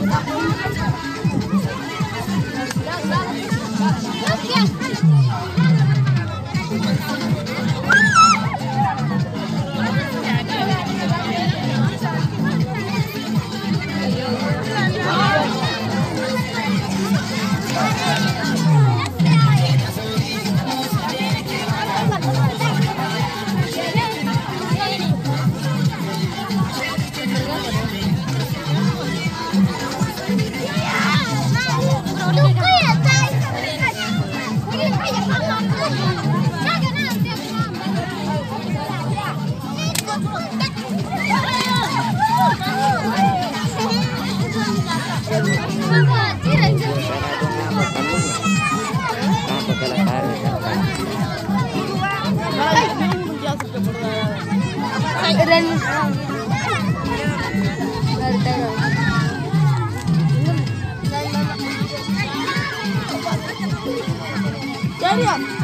よかった。रन करते रहो चलिए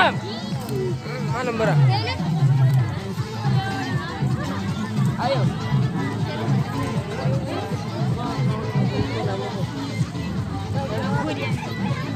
Sam. Mana mbak? Ayo.